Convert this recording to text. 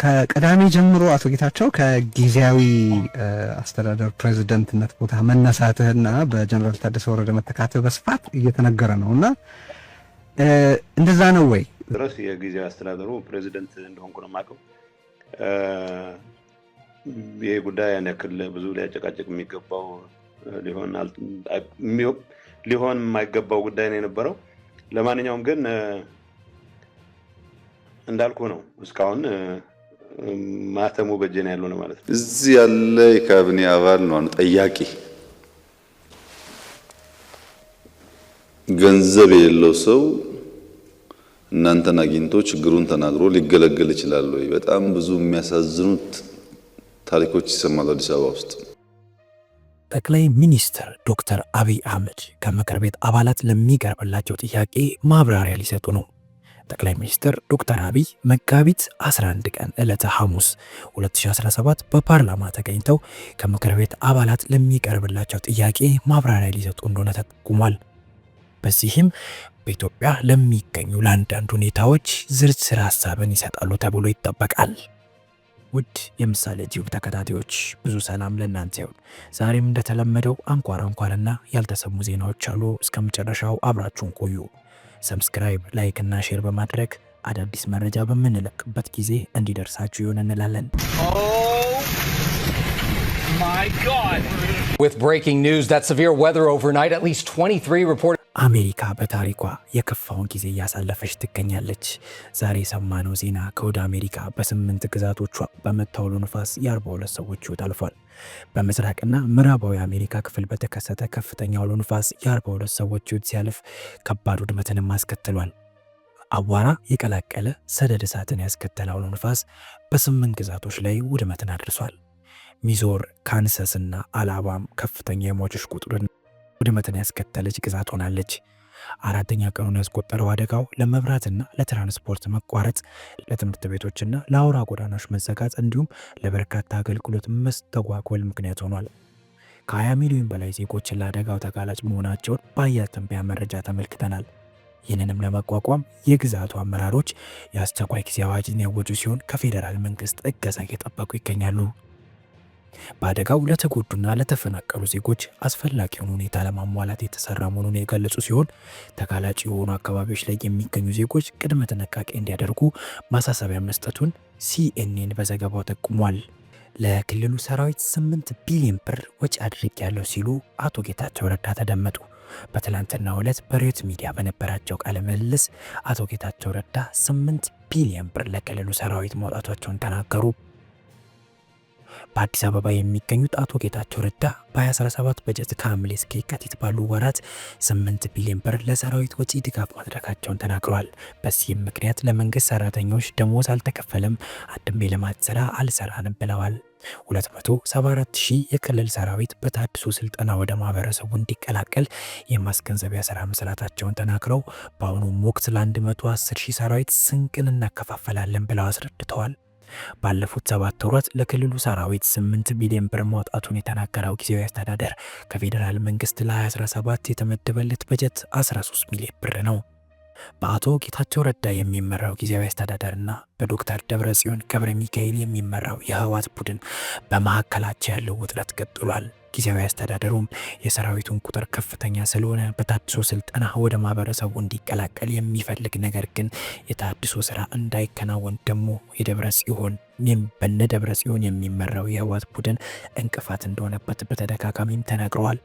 ከቅዳሜ ጀምሮ አቶ ጌታቸው ከጊዜያዊ አስተዳደር ፕሬዚደንትነት ቦታ መነሳትህና በጀነራል ታደሰ ወረደ መተካትህ በስፋት እየተነገረ ነው እና እንደዛ ነው ወይ? ድረስ የጊዜያዊ አስተዳደሩ ፕሬዚደንት እንደሆንኩ ነው የማውቀው። ይሄ ጉዳይ ያን ያክል ብዙ ሊያጨቃጭቅ የሚገባው ሊሆን የማይገባው ጉዳይ ነው የነበረው። ለማንኛውም ግን እንዳልኩ ነው እስካሁን ማተሙ በጀን ያለው ነው ማለት ነው። እዚህ ያለ የካቢኔ አባል ነው ጠያቂ ገንዘብ የሌለው ሰው እናንተን አግኝቶ ችግሩን ተናግሮ ሊገለገል ይችላል ወይ? በጣም ብዙ የሚያሳዝኑት ታሪኮች ይሰማሉ። አዲስ አበባ ውስጥ ጠቅላይ ሚኒስትር ዶክተር አብይ አህመድ ከምክር ቤት አባላት ለሚቀርብላቸው ጥያቄ ማብራሪያ ሊሰጡ ነው። ጠቅላይ ሚኒስትር ዶክተር አብይ መጋቢት 11 ቀን ዕለተ ሐሙስ 2017 በፓርላማ ተገኝተው ከምክር ቤት አባላት ለሚቀርብላቸው ጥያቄ ማብራሪያ ሊሰጡ እንደሆነ ተጠቁሟል። በዚህም በኢትዮጵያ ለሚገኙ ለአንዳንድ ሁኔታዎች ዝርዝር ሀሳብን ይሰጣሉ ተብሎ ይጠበቃል። ውድ የምሳሌ ቲዩብ ተከታታዮች ብዙ ሰላም ለእናንተ ይሁን። ዛሬም እንደተለመደው አንኳር አንኳርና ያልተሰሙ ዜናዎች አሉ። እስከ መጨረሻው አብራችሁን ቆዩ። ሰብስክራይብ፣ ላይክ እና ሼር በማድረግ አዳዲስ መረጃ በምንለቅበት ጊዜ እንዲደርሳችሁ ይሆን እንላለን። my God. With breaking news that severe weather overnight, at least 23 reported. አሜሪካ በታሪኳ የከፋውን ጊዜ እያሳለፈች ትገኛለች። ዛሬ የሰማነው ዜና ከወደ አሜሪካ በስምንት ግዛቶቿ በመታው ንፋስ ነፋስ የ42 ሰዎች ሕይወት አልፏል። በምስራቅና ምዕራባዊ አሜሪካ ክፍል በተከሰተ ከፍተኛ አውሎ ነፋስ የ42 ሰዎች ሕይወት ሲያልፍ ከባድ ውድመትንም አስከትሏል። አቧራ የቀላቀለ ሰደድ እሳትን ያስከተለ አውሎ ነፋስ በስምንት ግዛቶች ላይ ውድመትን አድርሷል። ሚዞር፣ ካንሰስና አላባም ከፍተኛ የሟቾች ቁጥርን ውድመትን ያስከተለች ግዛት ሆናለች። አራተኛ ቀኑን ያስቆጠረው አደጋው ለመብራትና ለትራንስፖርት መቋረጥ፣ ለትምህርት ቤቶችና ለአውራ ጎዳናዎች መዘጋት እንዲሁም ለበርካታ አገልግሎት መስተጓጎል ምክንያት ሆኗል። ከ20 ሚሊዮን በላይ ዜጎችን ለአደጋው ተጋላጭ መሆናቸውን በአየር ትንበያ መረጃ ተመልክተናል። ይህንንም ለመቋቋም የግዛቱ አመራሮች የአስቸኳይ ጊዜ አዋጅን ያወጁ ሲሆን ከፌዴራል መንግስት እገዛ እየጠበቁ ይገኛሉ። በአደጋው ለተጎዱና ለተፈናቀሉ ዜጎች አስፈላጊውን ሁኔታ ለማሟላት የተሰራ መሆኑን የገለጹ ሲሆን ተጋላጭ የሆኑ አካባቢዎች ላይ የሚገኙ ዜጎች ቅድመ ጥንቃቄ እንዲያደርጉ ማሳሰቢያ መስጠቱን ሲኤንኤን በዘገባው ጠቁሟል። ለክልሉ ሰራዊት 8 ቢሊዮን ብር ወጪ አድርግ ያለው ሲሉ አቶ ጌታቸው ረዳ ተደመጡ። በትላንትናው ዕለት በሬት ሚዲያ በነበራቸው ቃለ ምልልስ አቶ ጌታቸው ረዳ 8 ቢሊዮን ብር ለክልሉ ሰራዊት ማውጣቷቸውን ተናገሩ። በአዲስ አበባ የሚገኙት አቶ ጌታቸው ረዳ በ2017 በጀት ከሐምሌ እስከ የካቲት ባሉ ወራት 8 ቢሊዮን ብር ለሰራዊት ወጪ ድጋፍ ማድረጋቸውን ተናግረዋል። በዚህም ምክንያት ለመንግስት ሰራተኞች ደሞዝ አልተከፈለም፣ አንድም የልማት ስራ አልሰራንም ብለዋል። 274000 የክልል ሰራዊት በታድሶ ስልጠና ወደ ማህበረሰቡ እንዲቀላቀል የማስገንዘቢያ ስራ መስራታቸውን ተናግረው በአሁኑም ወቅት ለ 110000 ሰራዊት ስንቅን እናከፋፈላለን ብለው አስረድተዋል። ባለፉት ሰባት ወራት ለክልሉ ሰራዊት 8 ቢሊዮን ብር ማውጣቱን የተናገረው ጊዜያዊ አስተዳደር ከፌዴራል መንግስት ለ2017 የተመደበለት በጀት 13 ሚሊዮን ብር ነው። በአቶ ጌታቸው ረዳ የሚመራው ጊዜያዊ አስተዳደርና በዶክተር ደብረጽዮን ገብረ ሚካኤል የሚመራው የህወሓት ቡድን በመካከላቸው ያለው ውጥረት ቀጥሏል። ጊዜያዊ አስተዳደሩም የሰራዊቱን ቁጥር ከፍተኛ ስለሆነ በታድሶ ስልጠና ወደ ማህበረሰቡ እንዲቀላቀል የሚፈልግ ነገር ግን የታድሶ ስራ እንዳይከናወን ደግሞ የደብረ ጽዮን በነ ደብረ ጽዮን የሚመራው የህወሓት ቡድን እንቅፋት እንደሆነበት በተደጋጋሚም ተነግረዋል።